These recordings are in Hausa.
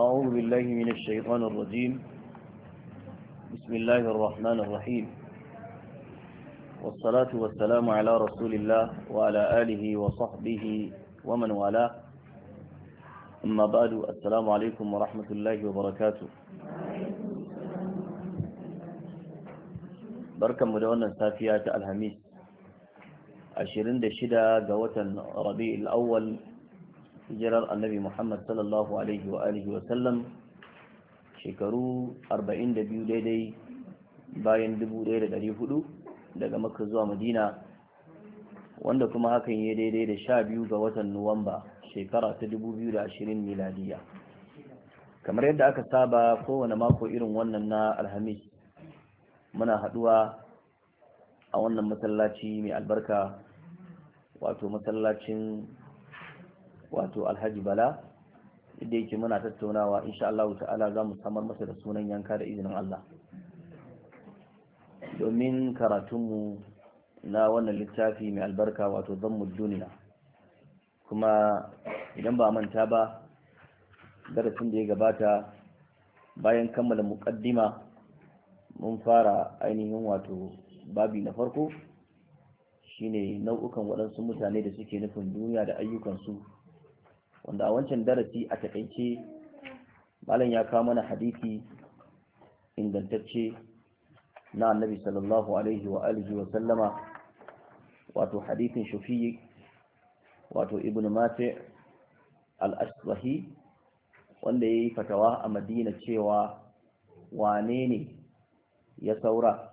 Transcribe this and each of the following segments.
أعوذ بالله من الشيطان الرجيم بسم الله الرحمن الرحيم والصلاة والسلام على رسول الله وعلى آله وصحبه ومن والاه أما بعد السلام عليكم ورحمة الله وبركاته بركة مدونة سافيات الهميس عشرين دشدة قوة ربيع الأول hijirar annabi muhammad sallallahu alaihi wa alihi wasallam shekaru 42 daidai bayan 1400 daga maka zuwa madina wanda kuma hakan ya daidai da sha biyu ga watan nuwamba shekara ta 2020 miladiya kamar yadda aka saba kowane mako irin wannan na alhamis muna haduwa a wannan masallaci mai albarka wato masallacin wato alhaji bala inda yake muna tattaunawa insha Allah ta'ala za mu samar masa da sunan yanka da izinin Allah domin karatunmu na wannan littafi mai albarka wato zammu duniya kuma idan ba manta ba darasin da ya gabata bayan kammala muƙaddima mun fara ainihin wato babi na farko shine nau'ukan waɗansu mutane da suke nufin duniya da ayyukansu wanda a wancan darasi a takaice malam ya kawo mana hadisi ingantacce na annabi sallallahu alaihi wa alihi wa sallama wato hadisin shafi'i wato ibn mate al-asbahi wanda ya yi fatawa a madina cewa wane ne ya saura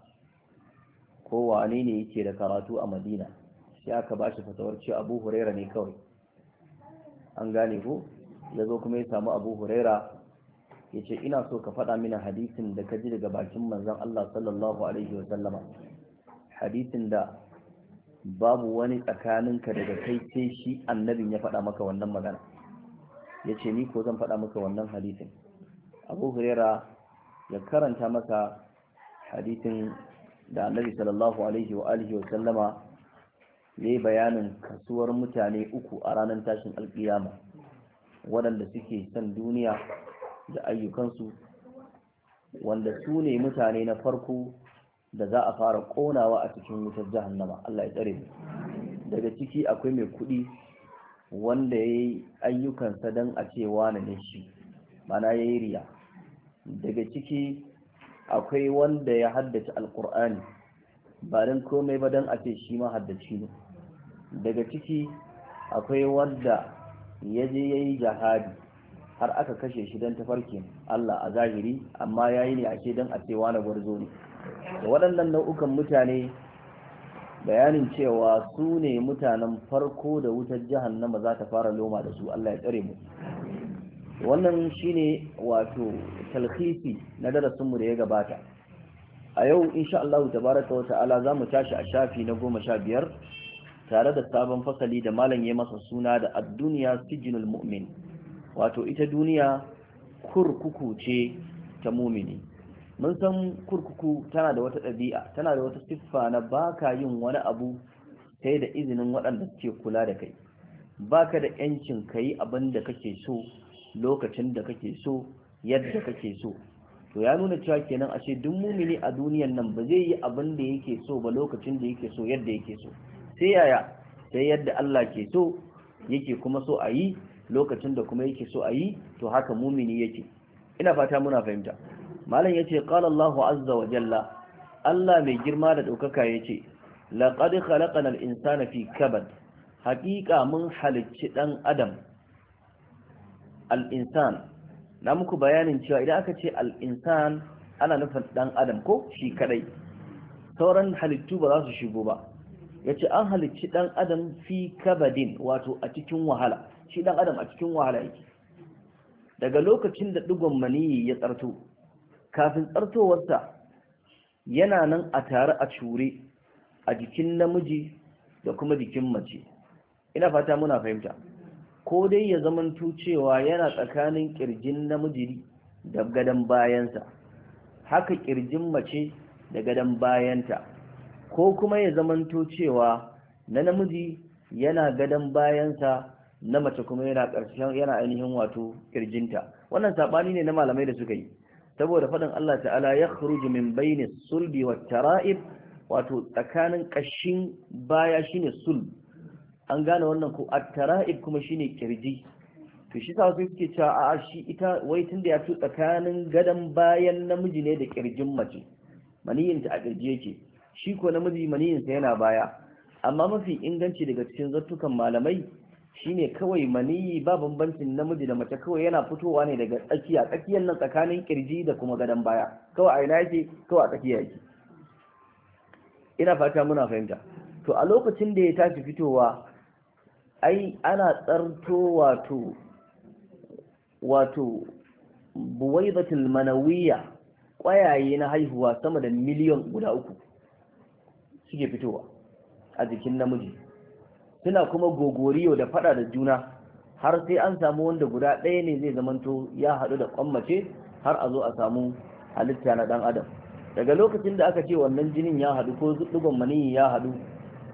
ko wane ne yake da karatu a madina sai aka ba shi fatawar ce abu huraira ne kawai an gane ko ya zo kuma ya samu abu huraira ya ce ina so ka faɗa mini hadisin da ka ji daga bakin manzon Allah sallallahu alaihi hadisin da babu wani tsakaninka daga kai shi annabin ya faɗa maka wannan magana ya ce ni ko zan faɗa maka wannan hadisin abu huraira ya karanta maka hadisin da annabi sallallahu alaihi wa ne bayanin kasuwar mutane uku a ranar tashin alkiyama waɗanda suke son duniya da ayyukansu wanda su ne mutane na farko da za a fara ƙonawa a cikin wutar jahannama Allah ya tsare daga ciki akwai mai kuɗi wanda ya yi ayyukansa don a ce wane ne shi mana ya yi riya daga ciki akwai wanda ya haddace alƙur'ani ba don komai ba don a ce shi ma haddace ne daga ciki akwai wadda ya je ya yi jihadi har aka kashe shi don tafarkin Allah a zahiri amma ya yi ne ake don a cewa na gwarzo ne da waɗannan nau'ukan mutane bayanin cewa su ne mutanen farko da wutar jahannama za ta fara loma da su Allah ya tsare mu wannan shine wato talhisi na darasinmu da ya gabata a yau insha Allah tabaraka wata ala za mu tashi a shafi na goma sha biyar tare da sabon fasali da malam ya masa suna da adduniya sijinul mu'min wato ita duniya kurkuku ce ta mumini mun san kurkuku tana da wata ɗabi'a tana da wata siffa na baka yin wani abu sai da izinin waɗanda suke kula da kai baka da yancin kai abin da kake so lokacin da kake so yadda kake so to ya nuna cewa kenan ashe duk mumini a duniyan nan ba zai yi abin da yake so ba lokacin da yake so yadda yake so sai yaya sai yadda Allah ke so yake kuma so a yi lokacin da kuma yake so a yi to haka mumini yake ina fata muna fahimta malam yace qala Allahu azza wa jalla Allah mai girma da daukaka yace laqad khalaqana al-insana fi kabad haqiqa mun halicci dan adam al na muku bayanin cewa idan aka ce al-insan ana nufin dan adam ko shi kadai sauran halittu ba za su shigo ba Ya yace an halicci dan adam fi kabadin wato a cikin wahala shi dan adam a cikin wahala yake daga lokacin da digon maniyi ya tsarto kafin tsartowarsa yana nan a tare a cure a jikin namiji da kuma jikin mace ina fata muna fahimta ko dai ya zamanto cewa yana tsakanin kirjin namiji da gadon bayansa haka kirjin mace da gadon bayanta ko kuma ya zamanto cewa na namiji yana gadon bayansa na mace kuma yana ƙarshen yana ainihin wato kirjinta wannan saɓani ne na malamai da suka yi saboda faɗin Allah ta'ala ya kharuju min bayni sulbi wa tara'ib wato tsakanin ƙashin baya shine sul, an gane wannan ko at-tara'ib kuma shine kirji to shi sa suke cewa a shi ita wai tunda ya fi tsakanin gadon bayan namiji ne da kirjin mace ta a kirji yake shi ko namiji maniyinsa yana baya amma mafi inganci daga cikin zartukan malamai shine kawai maniyi ba bambancin namiji da mace kawai yana fitowa ne daga tsakiya tsakiyar nan tsakanin kirji da kuma gadon baya kawai a ina yake kawai a tsakiya yake ina fata muna fahimta to a lokacin da ya tashi fitowa ai ana tsarto wato wato manawiya kwayaye na haihuwa sama da miliyan guda uku suke fitowa a jikin namiji suna kuma gogoriyo da fada da juna har sai an samu wanda guda ɗaya ne zai zamanto ya haɗu da kwammace har a zo a samu halitta na ɗan adam daga lokacin da aka ce wannan jinin ya haɗu ko zuɗɗugon maniyi ya haɗu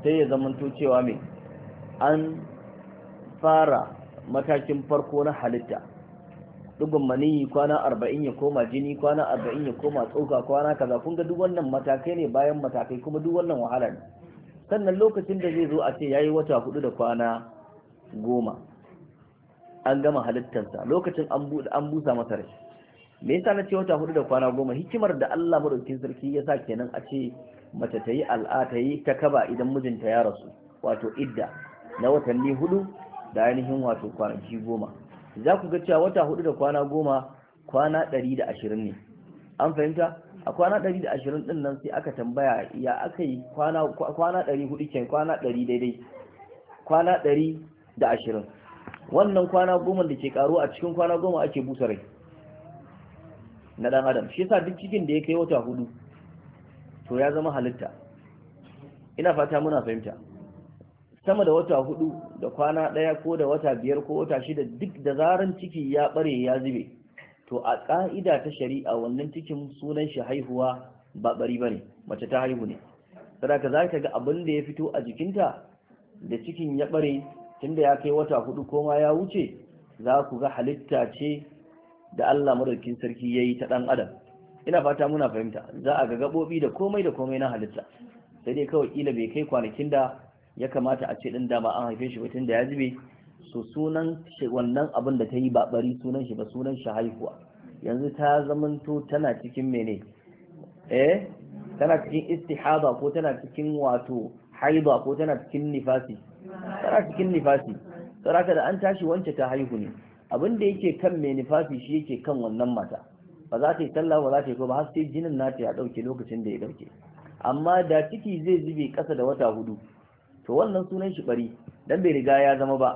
sai ya zamanto cewa mai an fara matakin farko na halitta dugun maniyi kwana arba'in ya koma jini kwana arba'in ya koma tsoka kwana kaza kun ga duk wannan matakai ne bayan matakai kuma duk wannan wahala ne sannan lokacin da zai zo a ce yayi wata hudu da kwana goma an gama halittarsa lokacin an busa masa rai me yasa na ce wata hudu da kwana goma hikimar da Allah madaukakin sarki ya sa kenan a ce mace ta yi al'a ta ta kaba idan mijinta ya rasu wato idda na watanni hudu da ainihin wato kwanaki goma za ku ga cewa wata hudu da kwana goma kwana ɗari da ashirin ne an fahimta a kwana ɗari da ashirin ɗin nan sai aka tambaya ya aka yi kwana ɗari hudu ke kwana ɗari daidai kwana ɗari da ashirin wannan kwana goma da ke karuwa a cikin kwana goma ake busa rai na ɗan adam shi yasa duk cikin da ya kai wata hudu to ya zama halitta ina fata muna fahimta sama da wata hudu da kwana ɗaya ko da wata biyar ko wata shida duk da zaran ciki ya ɓare ya zube to a ka'ida ta shari'a wannan cikin sunan shi haihuwa ba ba ne, mace ta haihu ne saboda za ka ga abin da ya fito a jikinta da cikin ya bare tunda ya kai wata hudu ko ma ya wuce za ku ga halitta ce da Allah madaukakin sarki yayi ta dan adam ina fata muna fahimta za a ga gaɓoɓi da komai da komai na halitta sai dai kawai kila bai kai kwanakin da ya kamata a ce din dama an haife shi mutum da ya zube so sunan wannan abin da ta yi ba sunan shi ba sunan shi haihuwa yanzu ta zamanto tana cikin mene eh tana cikin istihaba ko tana cikin wato haiba ko tana cikin nifasi tana cikin nifasi saraka da an tashi wance ta haihu ne abin da yake kan mai nifasi shi yake kan wannan mata ba za ta yi sallah ba za ta yi ko ba har sai jinin nata ya dauke lokacin da ya dauke amma da ciki zai zube kasa da wata hudu to wannan sunan shi bari dan bai riga ya zama ba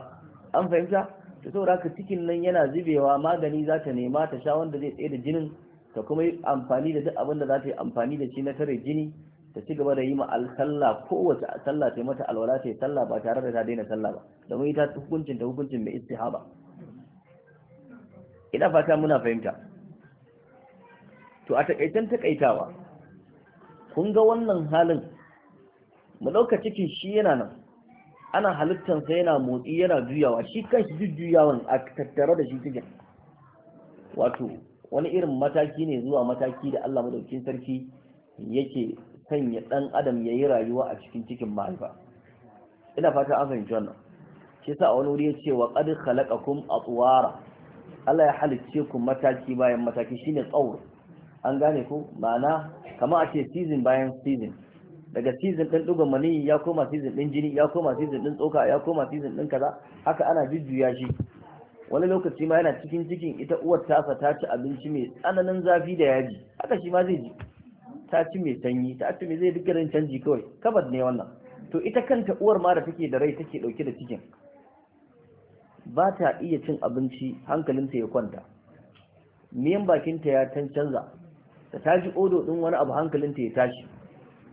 an fahimta to saboda haka cikin nan yana zubewa magani za ta nema ta sha wanda zai tsaye da jinin ta kuma yi amfani da duk abin da za ta yi amfani da shi na tare jini ta ci gaba da yi ma sallah kowace sallah ta mata alwala ta salla sallah ba tare da ta daina sallah ba domin ita hukuncin ta hukuncin mai istihaba ina fata muna fahimta to a takaitan takaitawa kun ga wannan halin mu ɗauka cikin shi yana nan ana halittansa yana motsi yana juyawa shi kanshi jujjuyawan a tattare da shi cikin wato wani irin mataki ne zuwa mataki da Allah madauki sarki yake sanya dan adam yayi rayuwa a cikin cikin mahaifa ina fata an fahimci wannan shi yasa wani wuri ya ce wa qad khalaqakum atwara Allah ya halicce ku mataki bayan mataki shine tsawo an gane ku ma'ana kamar a ce season bayan season daga season ɗin ɗigon maniyi ya koma season ɗin jini ya koma season ɗin tsoka ya koma season ɗin kaza haka ana jujjuya shi wani lokaci ma yana cikin cikin ita uwar tasa ta ci abinci mai tsananin zafi da yaji haka shi ma zai ji ta ci mai sanyi ta ci mai zai duk garin canji kawai kabad ne wannan to ita kanta uwar ma da take da rai take dauke da cikin ba ta iya cin abinci hankalinta ya kwanta miyan bakinta ya can canza da ta ji odo din wani abu hankalinta ya tashi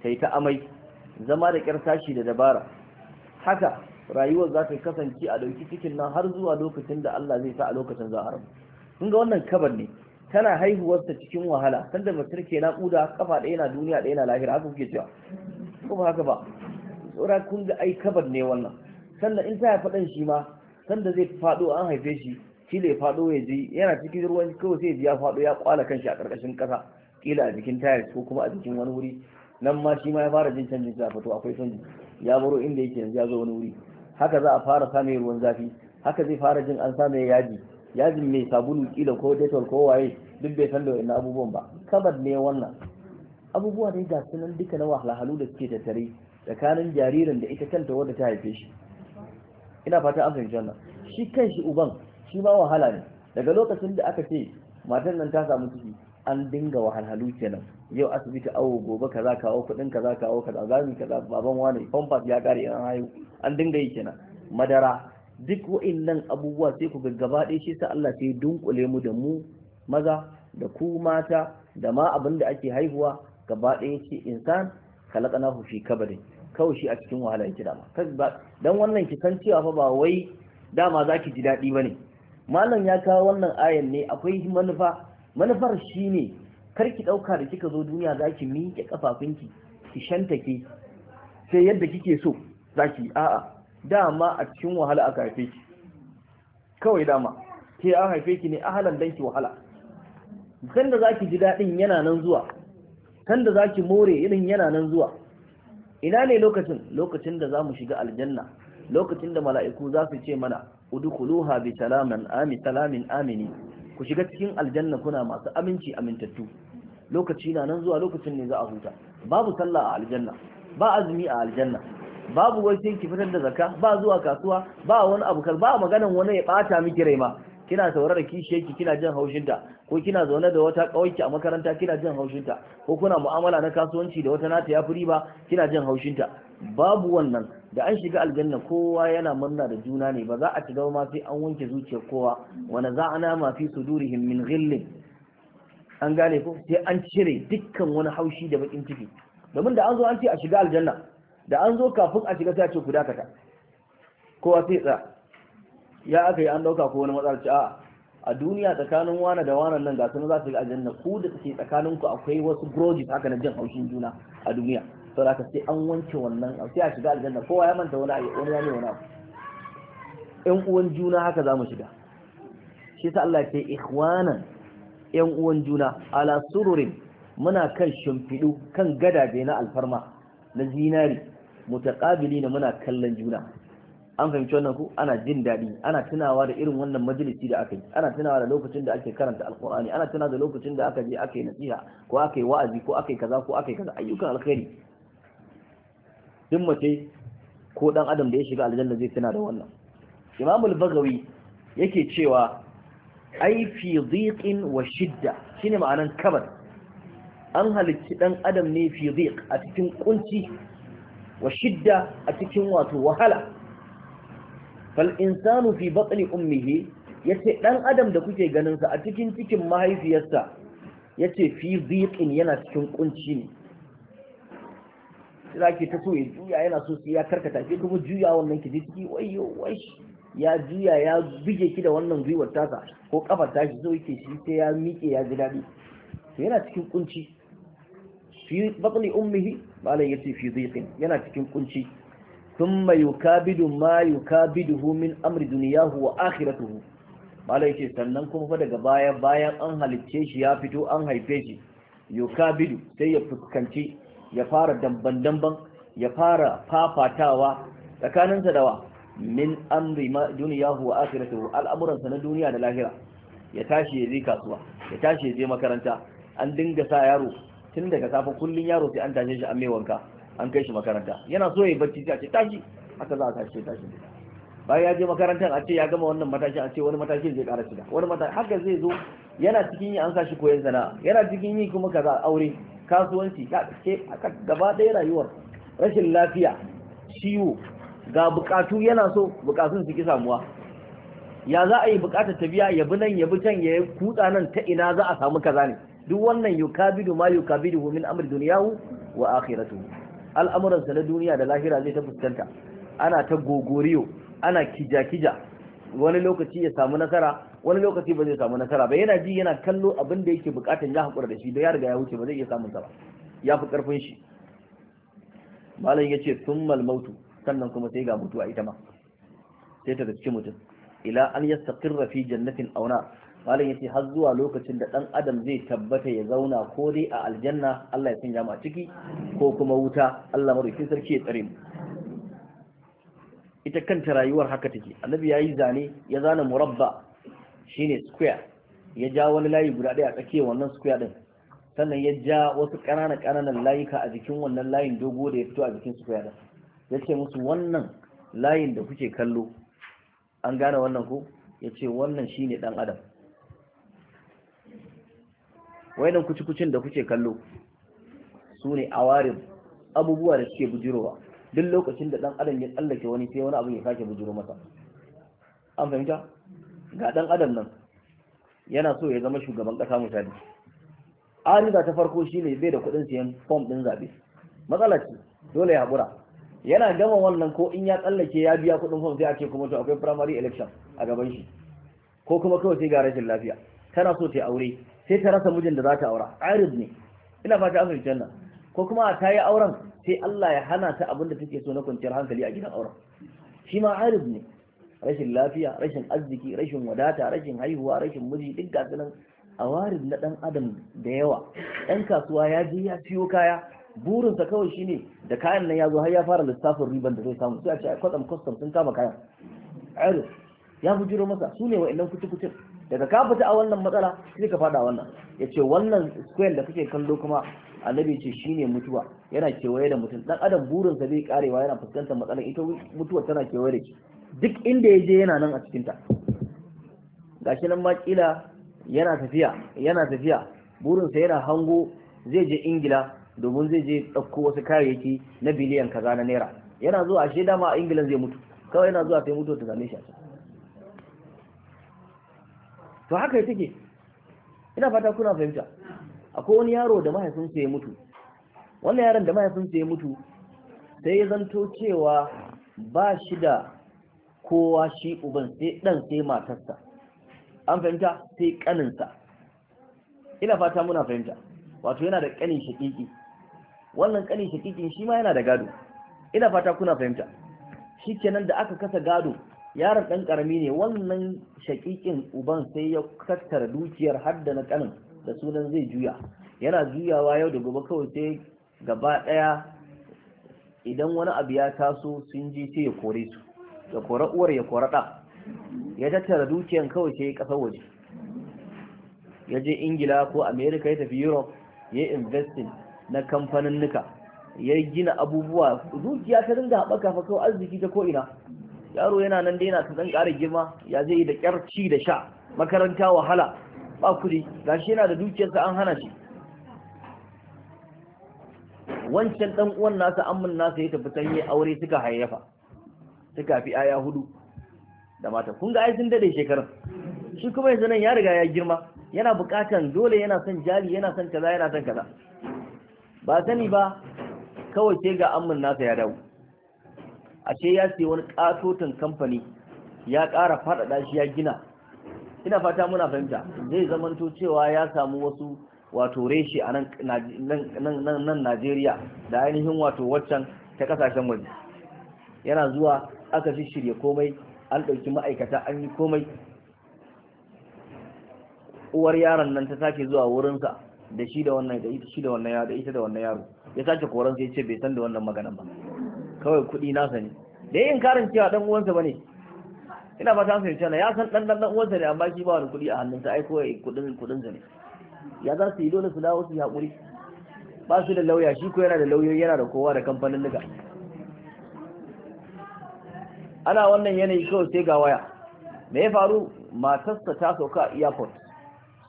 kai ta amai zama da ƙyar tashi da dabara haka rayuwar za ta kasance a ɗauki cikin nan har zuwa lokacin da Allah zai sa a lokacin za a rabu kun ga wannan kabar ne tana haihuwarsa cikin wahala sanda mutum ke naƙuda kafa ɗaya na duniya ɗaya na lahira haka kuke cewa ko ba haka ba tsora kun ga ai kabar ne wannan sannan in ta ya faɗan shi ma sanda zai faɗo an haife shi shi da ya faɗo ya ji yana cikin ruwan kawai sai ya ya faɗo ya kwala kanshi a ƙarƙashin ƙasa kila a jikin tayar ko kuma a jikin wani wuri nan ma shi ma ya fara jin canjin a fito akwai canji ya baro inda yake yanzu ya zo wani wuri haka za a fara samun ruwan zafi haka zai fara jin an samu yaji yajin mai sabulu kila ko detol ko waye duk bai san da wannan abubuwan ba kabad ne wannan abubuwa ne ga sunan duka na wahalhalu da suke tattare tsakanin jaririn da ita kanta wadda ta haife shi ina fata an fahimci wannan shi kan shi uban shi ma wahala ne daga lokacin da aka ce matan nan ta samu ciki an dinga wahalhalu kenan yau asibiti awo gobe kaza kawo kudin kaza kawo kaza zami kaza baban wani pompa ya kare an hayo an dinga yi kenan madara duk wa'annan abubuwa sai ku gaggaba ɗaya shi sa Allah sai dunkule mu da mu maza da ku mata da ma abin da ake haihuwa gaba ɗaya shi insan hu fi kabarin kawai shi a cikin wahala yake dama dan wannan ki san cewa fa ba wai dama zaki ji daɗi bane malam ya kawo wannan ayan ne akwai manufa manufar shine kar ki ɗauka da kika zo duniya za ki miƙe ƙafafunki ki shantake sai yadda kike so za ki a'a dama a cikin wahala aka haife ki kawai dama ke an haife ki ne ahalan danki wahala kan da za ji daɗin yana nan zuwa kan da za more irin yana nan zuwa ina ne lokacin lokacin da zamu shiga aljanna lokacin da mala'iku za su ce mana udkhuluha bi salaman ami salamin amini ku shiga cikin aljanna kuna masu aminci amintattu lokaci na nan zuwa lokacin ne za a huta babu sallah a aljanna ba azumi a aljanna babu wai sai ki fitar da zakka ba zuwa kasuwa ba wani abu kar ba maganan wani ya bata miki rai ma kina saurara kishiyarki kina jin haushinta ko kina zaune da wata kawai a makaranta kina jin haushinta ko kuna mu'amala na kasuwanci da wata nata ya fi riba kina jin haushinta babu wannan da an shiga aljanna kowa yana murna da juna ne ba za a shiga ma sai an wanke zuciyar kowa wani za a nama fi sudurihim min ghillin an gane ko sai an cire dukkan wani haushi da bakin ciki domin da an zo an ce a shiga aljanna da an zo kafin a shiga sai a ce ku dakata kowa sai tsaya ya aka yi an dauka ko wani matsalar a a duniya tsakanin wane da wani nan ga sun za su shiga aljanna ku da ke tsakaninku akwai wasu grudges haka na jan haushin juna a duniya saboda da sai an wanke wannan sai a shiga aljanna kowa ya manta wani wani ya ne wani abu uwan juna haka za mu shiga shi ta Allah ke ikhwanan ɗan uwan juna ala sururin muna kan shimfidu kan gadaje na alfarma na zinari mutaqabili na muna kallon juna an fahimci wannan ku ana jin daɗi ana tunawa da irin wannan majalisi da aka yi ana tunawa da lokacin da ake karanta alkur'ani ana tunawa da lokacin da aka je aka yi nasiha ko aka yi wa'azi ko aka yi kaza ko aka yi kaza ayyukan alkhairi duk mace ko dan adam da ya shiga aljanna zai tana da wannan imamul bagawi yake cewa ai fi dhiqin wa shidda shine ma'anan kabar an halicci dan adam ne fi dhiq a cikin kunci wa shidda a cikin wato wahala fal insanu fi batni ummihi yace dan adam da kuke ganin sa a cikin cikin mahaifiyarsa yace fi dhiqin yana cikin kunci ne za ta so ya juya yana so sai ya karkata shi kuma juya wannan ki ciki wayo wai ya juya ya bige ki da wannan gwiwar tasa ko kafar tashi so yake shi sai ya miƙe ya ji daɗi to yana cikin kunci fi batni ummihi malai yace fi dhiqin yana cikin kunci thumma yukabidu ma yukabiduhu min amri dunyahu wa akhiratuhu malai yace sannan kuma fa daga baya bayan an halicce shi ya fito an haife shi yukabidu sai ya fuskanci ya fara damban-damban ya fara fafatawa tsakaninsa da wa min amri ma duniya huwa akhiratuhu al'amuransa na duniya da lahira ya tashi ya je kasuwa ya tashi ya je makaranta an dinga sa yaro tun daga safe kullun yaro sai an tashi shi an mai wanka an kai shi makaranta yana so ya bacci sai a ce tashi haka za a tashi tashi bayan ya je makarantar a ce ya gama wannan matashi a ce wani matashi zai ƙara shiga wani matashi haka zai zo yana cikin yi an sa shi koyon sana'a yana cikin yi kuma kaza aure kasuwanci gaba ɗaya rayuwar rashin lafiya ciwo ga bukatu yana so bukatun su ki samuwa ya za a yi bukatar tafiya ya bi nan ya bi can ya yi kutsa nan ta ina za a samu kaza ne duk wannan yukabidu ma yukabidu min amr dunyahu wa akhiratu Al'amuransa na duniya da lahira zai ta fuskanta ana ta gogoriyo ana kija kija wani lokaci ya samu nasara wani lokaci ba zai samu nasara ba yana ji yana kallo abin da yake bukatan ya haƙura da shi da ya riga ya wuce ba zai iya samun ba ya fi karfin shi malam ya ce summal mautu sannan kuma sai ga mutuwa ita ma sai ta gaske mutum ila an yastaqirra fi jannatin auna malam malam yace har zuwa lokacin da dan adam zai tabbata ya zauna ko dai a aljanna Allah ya sanya mu ciki ko kuma wuta Allah madaukakin sarki ya tsare mu ita kanta rayuwar haka take annabi ya yi zane ya zana murabba shine square ya ja wani layi guda ɗaya a tsakiyar wannan square din sannan ya ja wasu ƙananan ƙananan layuka a jikin wannan layin dogo da ya fito a jikin square din ya ce musu wannan layin da kuke kallo an gane wannan ko ya ce wannan shi ne ɗan adam wainan kucikucin da kuke kallo su ne awarin abubuwa da suke bujirowa duk lokacin da ɗan adam ya tsallake wani sai wani abu ya sake bujiro masa an fahimta ga dan adam nan yana so ya zama shugaban kasa misali arida ta farko shi ne bai da kuɗin siyan fom ɗin zaɓe matsala ce dole ya haƙura yana gama wannan ko in ya tsallake ya biya kuɗin fom sai a ce kuma to akwai primary election a gaban shi ko kuma kawai sai ga rashin lafiya tana so ta aure sai ta rasa mijin da za ta aura arid ne ina fata an fahimci wannan ko kuma ta yi auren sai Allah ya hana ta abin da take so na kwanciyar hankali a gidan auren shi ma arid ne rashin lafiya rashin arziki rashin wadata rashin haihuwa rashin miji duk gasu nan a na dan adam da yawa ɗan kasuwa ya je ya siyo kaya burinsa kawai shine da kayan nan ya zo har ya fara lissafin riban da zai samu sai a ce kwatsam kwatsam sun kama kayan arif ya bujiro masa su ne wa'annan kutukutin daga ka fita a wannan matsala sai ka fada wannan ya ce wannan square da kake kallo kuma annabi ce ne mutuwa yana kewaye da mutum dan adam burinsa zai karewa yana fuskantar matsalar ita mutuwa tana kewaye da shi duk inda ya je yana nan a cikinta shi nan makila kila yana tafiya yana tafiya burinsa yana hango zai je ingila domin zai je ɗauko wasu kayayyaki na biliyan kaza na naira yana zuwa ashe dama a ingila zai mutu kawai yana zuwa sai mutu ta zame shi to haka take ina fata kuna fahimta akwai wani yaro da mahaifinsa ya mutu wannan yaron da mahaifinsa ya mutu sai ya zanto cewa ba shi da kowa shi uban sai ɗan sai matarsa an fahimta sai ƙaninsa ina fata muna fahimta wato yana da ƙanin shaƙiƙi wannan ƙanin shaƙiƙin shi ma yana da gado ina fata kuna fahimta shi kenan da aka kasa gado yaron ɗan ƙarami ne wannan shaƙiƙin uban sai ya tattara dukiyar har da na ƙanin da sunan zai juya yana juyawa yau da gobe kawai sai gaba ɗaya idan wani abu ya taso sun ji sai ya kore su ya kora uwar ya kora ɗa ya tattara dukiyan kawai sai ƙasar waje ya je ingila ko Amerika ya tafi europe ya yi investing na kamfanin nuka ya gina abubuwa dukiya ta dinga haɓaka fa kawai arziki ta ko'ina yaro yana nan da yana ta zan ƙara girma ya zai yi da ƙyarci ci da sha makaranta wahala ba kuɗi gashi yana da dukiyarsa an hana shi wancan ɗan uwan nasa amman nasa ya tafi sanye aure suka hayayyafa suka kafi aya hudu da mata kun ga ai sun dade shekarun shi kuma yanzu nan ya riga ya girma yana bukatan dole yana son jari yana son kaza yana son kaza ba sani ba kawai sai ga amin nasa ya dawo ashe ya siya wani katotin kamfani ya ƙara faɗaɗa shi ya gina ina fata muna fahimta zai zamanto cewa ya samu wasu wato reshe a nan Najeriya da ainihin wato waccan ta kasashen waje yana zuwa aka fi shirya komai an ɗauki ma'aikata an yi komai uwar yaron nan ta sake zuwa wurinsa da shi da wannan da ita shi da wannan yaro da ita da wannan yaro ya sake koran sai ya ce bai san da wannan magana ba kawai kuɗi nasa ne da yin karin cewa dan uwansa bane ina ba ta fahimta ya san dan dan uwansa ne amma shi ba wani kuɗi a hannunsa ai kawai kuɗin kuɗin sa ne ya za su yi dole su dawo su yi haƙuri ba su da lauya shi ko yana da lauyoyi yana da kowa da kamfanin duka ana wannan yanayi kawai sai ga waya me ya faru matarsa ta sauka a airport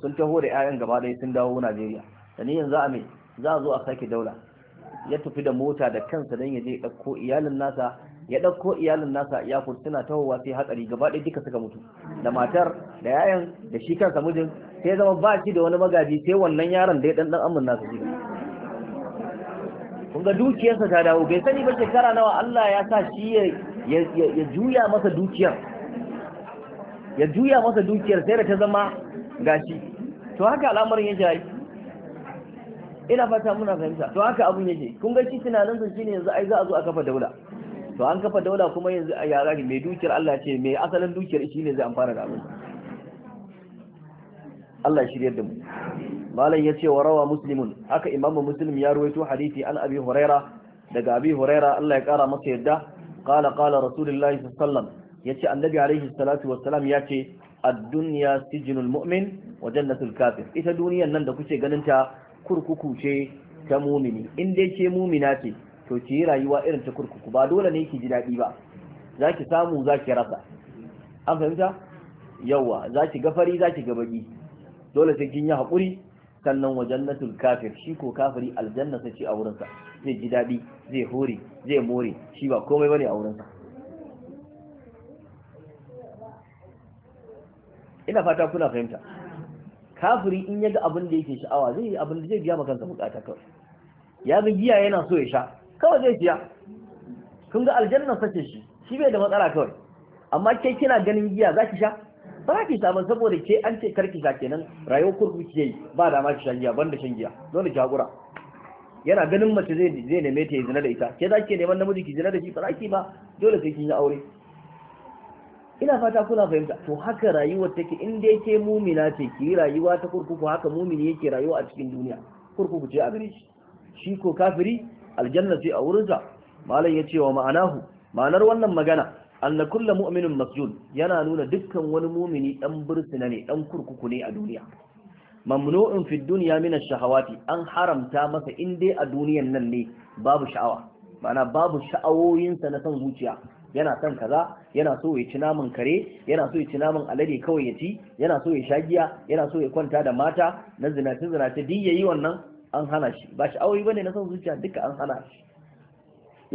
sun taho da 'ya'yan gaba ɗaya sun dawo Najeriya da niyan za a mai za a zo a sake daula ya tafi da mota da kansa don ya je ɗauko iyalin nasa ya ɗauko iyalin nasa a Iyakon, suna tahowa sai hatsari gaba ɗaya duka suka mutu da matar da yayan da shi kansa mijin sai zama ba shi da wani magaji sai wannan yaron da ya ɗan ɗan amin nasa shi kun ga dukiyarsa ta dawo bai sani ba shekara nawa Allah ya sa shi ya ya juya masa dukiyar ya juya masa dukiyar sai da ta zama gashi to haka al'amarin yake yi ina fata muna fahimta to haka abun yake kun ga shi tunanin su shine yanzu ai za a zo a kafa daula to an kafa daula kuma yanzu a yara ne mai dukiyar Allah ce mai asalin dukiyar shi ne zai amfana da abin Allah shirya da mu malam ya ce wa rawa muslimun haka imamu muslim ya ruwaito hadisi an abi huraira daga abi huraira Allah ya kara masa yadda qala qala rasulullahi sallallahu alaihi wasallam yace annabi alaihi salatu wassalam yace ad-dunya sijnul mu'min wajen jannatul kafir ita duniyar nan da kuke ganin ta kurkuku ce ta mumini in dai ke mumina ce to ki yi rayuwa irin ta kurkuku ba dole ne ki ji daɗi ba za ki samu za ki rasa an fahimta yawa za ki ga fari za ki ga baki dole sai kin yi haƙuri sannan wajen jannatul kafir shi ko kafiri aljanna ce a wurinsa zai ji daɗi zai hore zai more shi ba komai bane a wurinsa ina fata kuna fahimta kafiri in yaga abin da yake sha'awa zai yi abin da zai biya kansa bukata kawai ya bi giya yana so ya sha kawai zai siya kun ga aljanna sace shi shi bai da matsala kawai amma ke kina ganin giya za ki sha ba za ki samu saboda ke an ce karki sha kenan rayuwar kurkuku ke yi ba da ma ki shan giya banda shan giya dole ki haƙura yana ganin mace zai zai neme ta zina da ita ke za neman namiji ki zina da shi ba ki ba dole sai kin yi aure ina fata kuna fahimta to haka rayuwar take in dai ke mumina ce ki rayuwa ta kurkuku haka mumini yake rayuwa a cikin duniya kurkuku ce a gare shi shi ko kafiri aljanna ce a wurinsa malam ya ce wa ma'anahu ma'anar wannan magana anna kullu mu'minin masjud yana nuna dukkan wani mumini dan bursuna ne dan kurkuku ne a duniya mamnu'un fi dunya min ash-shahawati an haramta masa in dai a duniyan nan ne babu sha'awa ma'ana babu sha'awoyinsa na san zuciya yana son kaza yana so ya ci naman kare yana so ya ci naman alade kawai ya ci yana so ya sha giya yana so ya kwanta da mata na zinace zinace duk yayi wannan an hana shi ba sha'awoyi bane na san zuciya duka an hana shi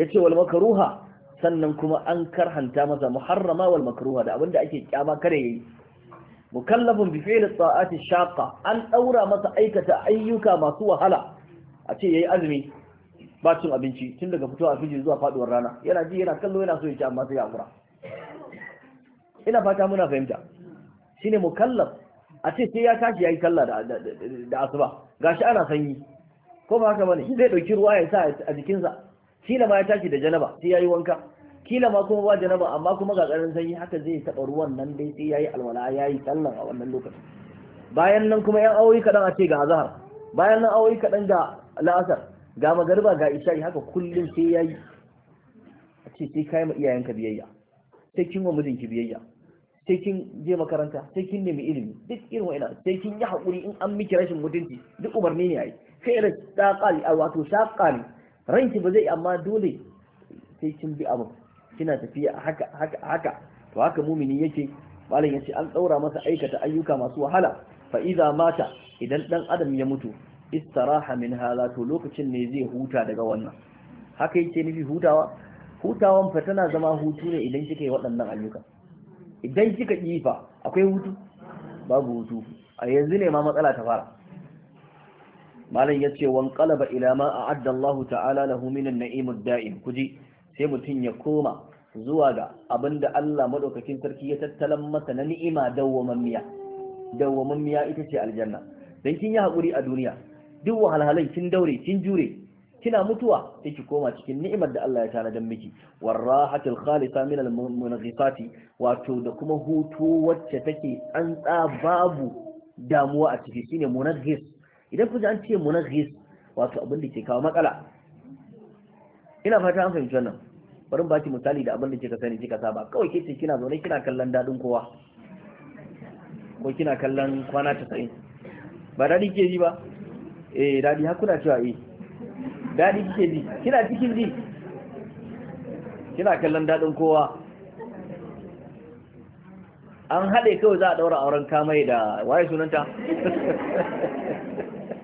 yace wal makruha sannan kuma an karhanta masa muharrama wal makruha da abinda ake kyama kare yayi mukallafin bi fi'li sa'ati shaqqa an daura masa aikata ayyuka masu wahala a ce yayi azumi ba cin abinci tun daga fitowa fiji zuwa faduwar rana yana ji yana kallo yana so ya ci amma sai ya kura ina fata muna fahimta shine mukallaf a ce sai ya tashi yayi sallah da da asuba gashi ana sanyi ko ba haka bane shi zai dauki ruwa ya sa a jikinsa shi ma ya tashi da janaba sai yayi wanka kila ma kuma ba janaba amma kuma ga ƙarin sanyi haka zai taɓa ruwan nan dai sai yayi alwala yayi sallan a wannan lokacin bayan nan kuma yan awoyi kaɗan a ce ga azhar bayan nan awoyi kaɗan ga la'asar ga magariba ga isha'i haka kullum sai yayi a ce sai kai ma iyayenka biyayya sai kin wa mijinki biyayya sai kin je makaranta sai kin nemi ilimi duk irin wa'ina sai kin yi haƙuri in an miki rashin mutunci duk umarni ne yayi kai da shaƙali a wato shaƙali ranki ba zai amma dole sai kin bi abin kina tafiya haka haka haka to haka mumini yake malam yace an daura masa aikata ayyuka masu wahala fa idza mata idan dan adam ya mutu istaraha min hala to lokacin ne zai huta daga wannan haka yake nufi hutawa hutawan fa tana zama hutu ne idan kika yi waɗannan ayyuka idan kika kifa akwai hutu babu hutu a yanzu ne ma matsala ta fara malam yace wan qalaba ila ma a'adda Allah ta'ala lahu minan na'imud daim kuji sai mutun ya koma zuwa ga abinda Allah madaukakin sarki ya tattalan masa na ni'ima dawwamammiya dawwamammiya ita ce aljanna dan kin yi hakuri a duniya duk wahalhalan kin daure kin jure kina mutuwa sai ki koma cikin ni'imar da Allah ya dan miki warahatul khalisa min almunghifati wato da kuma hutu wacce take tsantsa babu damuwa a ciki shine munaghis idan ku an ce munaghis wato abin da ke kawo matsala ina fata an fahimci wannan bari ba ki misali da abin da kika sani kika saba kawai ke ce kina zaune kina kallon dadin kowa ko kina kallon kwana tasa'in ba daɗi ke ji ba eh daɗi har kuna cewa eh dadi kike ji kina cikin ji kina kallon dadin kowa an haɗe kawai za a ɗaura auren kamai da waye sunanta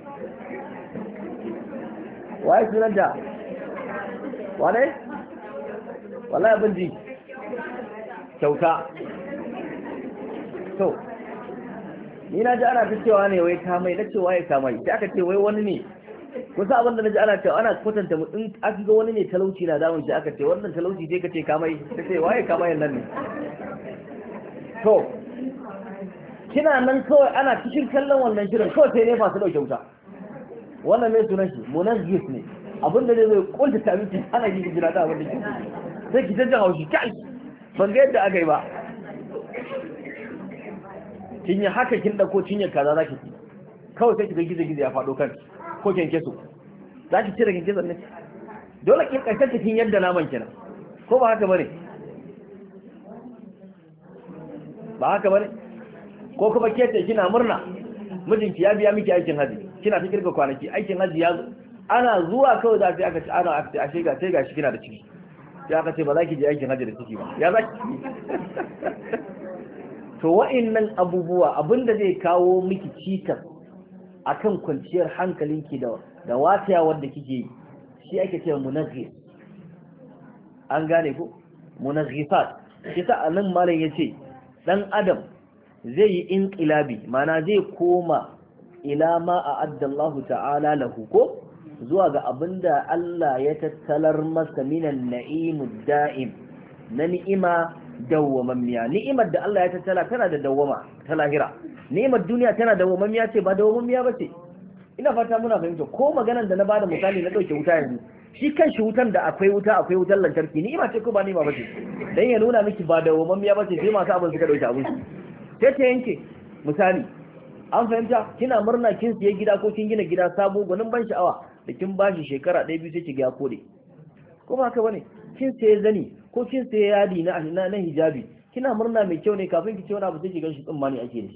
waye sunanta wane? Wala ban ji kyauta to ni na ji ana ta cewa ne wai ta mai na cewa ya ta mai sai aka ce wai wani ne kusa abin da na ji ana cewa ana kwatanta mutum aka ga wani ne talauci na damun ji aka ce wannan talauci sai ka ce ka mai ta ce waye ka mai nan ne to kina nan kawai ana cikin kallon wannan shirin kawai sai ne masu dauke wuta wannan mai sunan shi munazzis ne abin da zai kunta ta ana gidi jira da abin da ke sai ki canza haushi kai ban ga yadda aka yi ba kin yi haka kin ɗauko cinyar kaza za ki ci kawai sai ki ga gizo-gizo ya faɗo kan ko kenkeso za ki cire kenkeso ne dole kin ƙarshen kin yadda naman kenan ko ba haka bane ba haka bane ko kuma kete kina murna mijinki ya biya miki aikin haji kina ta kirga kwanaki aikin haji ya zo? ana zuwa kawai za ta aka ci ana aka ci ashe ga sai gashi kina da ciki ya ka ce ba za ki je aikin hajji da ciki ba ya za ki to wa'annan abubuwa abinda zai kawo miki cikas akan kwanciyar hankalinki da da wasiya wanda kike yi shi ake cewa munazzis an gane ko munazzisat shi sa anan ya yace dan adam zai yi inqilabi mana zai koma ila ma a Allah ta'ala lahu ko zuwa ga abinda Allah ya tattalar masa minan Na'imu da'im na ni'ima dawwamammiya ni'imar da Allah ya tattala tana da dawwama ta lahira ni'imar duniya tana da dawwamammiya ce ba dawwamammiya ba ce ina fata muna fahimta ko maganar da na bada misali na dauke wuta yanzu shi kan shi wutan da akwai wuta akwai wutar lantarki ni'ima ce ko ba ni'ima ba ce dan ya nuna miki ba dawwamammiya ba ce sai masu abin suka dauke abin sai ta yanke misali an fahimta kina murna kin siye gida ko kin gina gida sabo gwanin ban sha'awa da kin bashi shekara ɗaya biyu sai ki gya kore ko ba haka bane kin sai zani ko kin sai yadi na na na hijabi kina murna mai kyau ne kafin ki ce wani abu sai ki ganshi ne ake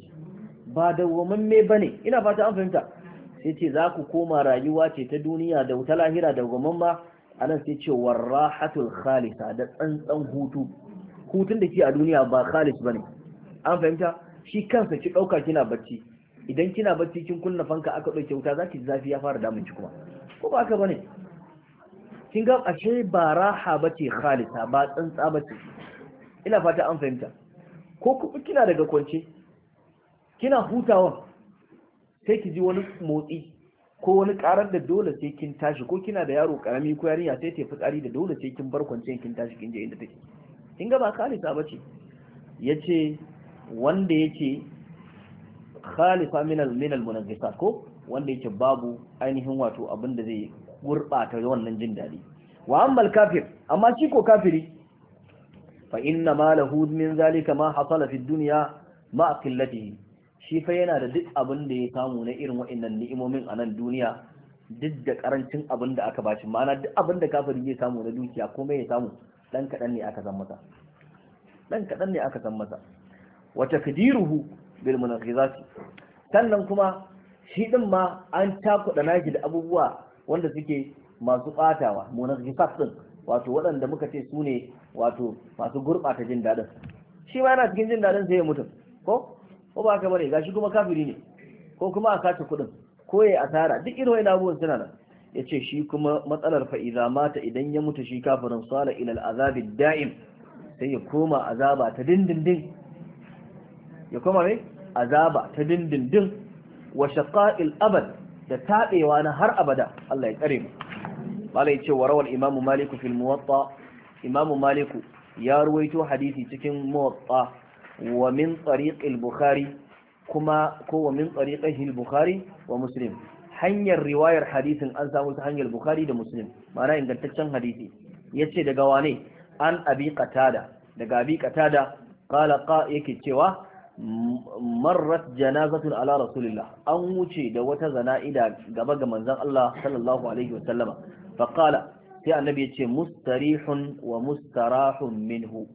da woman ba bane ina fata an fahimta sai ce za ku koma rayuwa ce ta duniya da wuta lahira da ma a nan sai ce warrahatul khalisa da tsantsan hutu hutun da ke a duniya ba khalis ba ne an fahimta shi kansa ki ɗauka kina bacci idan kina bacci kin kunna fanka aka ɗauke wuta za ki zafi ya fara damun ki kuma ko ba ka bane kin ga ashe ba raha bace khalisa ba tsantsa bace ina fata an fahimta ko kuma kina daga kwance kina hutawa sai ki ji wani motsi ko wani karar da dole sai kin tashi ko kina da yaro karami ko yarinya sai ta fitsari da dole sai kin bar kwance kin tashi kin je inda take kin ga ba khalisa bace yace wanda yake khalifa min al min al ko wanda yake babu ainihin wato abin da zai gurɓata wannan jin daɗi wa ammal kafir amma shi ko kafiri fa inna ma lahu min zalika ma hasala fi dunya ma qillatihi shi fa yana da duk abin da ya samu na irin wa'annan ni'imomin a nan duniya duk da karancin abin da aka bashi ma'ana duk abin da kafiri ya samu na dukiya komai ya samu dan kadan ne aka san masa dan kadan ne aka san masa wa takdiruhu bil sannan kuma shi din ma an takuɗa nagi da abubuwa wanda suke masu ɓatawa munafiqat din wato waɗanda muka ce su ne wato masu gurɓata jin daɗin shi ma yana cikin jin daɗin sai ya mutum ko ko ba ka bane gashi kuma kafiri ne ko kuma a kace kuɗin ko ya asara duk irin wani abubuwan suna nan ya ce shi kuma matsalar fa'iza mata idan ya mutu shi kafirin sala ilal azabi da'im sai ya koma azaba ta dindindin ya koma ne azaba ta dindindin wa shaqa'il abad da tabewa na har abada Allah ya tsare mu malai ce wa rawal imam malik fil muwatta imam malik ya ruwaito hadisi cikin muwatta wa min tariq al bukhari kuma ko wa min tariqihi al bukhari wa muslim hanyar riwayar hadisin an samu ta hanyar bukhari da muslim mana ingantaccen hadisi yace daga wane an abi qatada daga abi qatada qala qa yake cewa marrat janazatun ala rasulillah an wuce da wata zana'ida gaba ga manzon Allah sallallahu alaihi wa sallama fa qala sai annabi yace mustarihun wa mustarahun minhu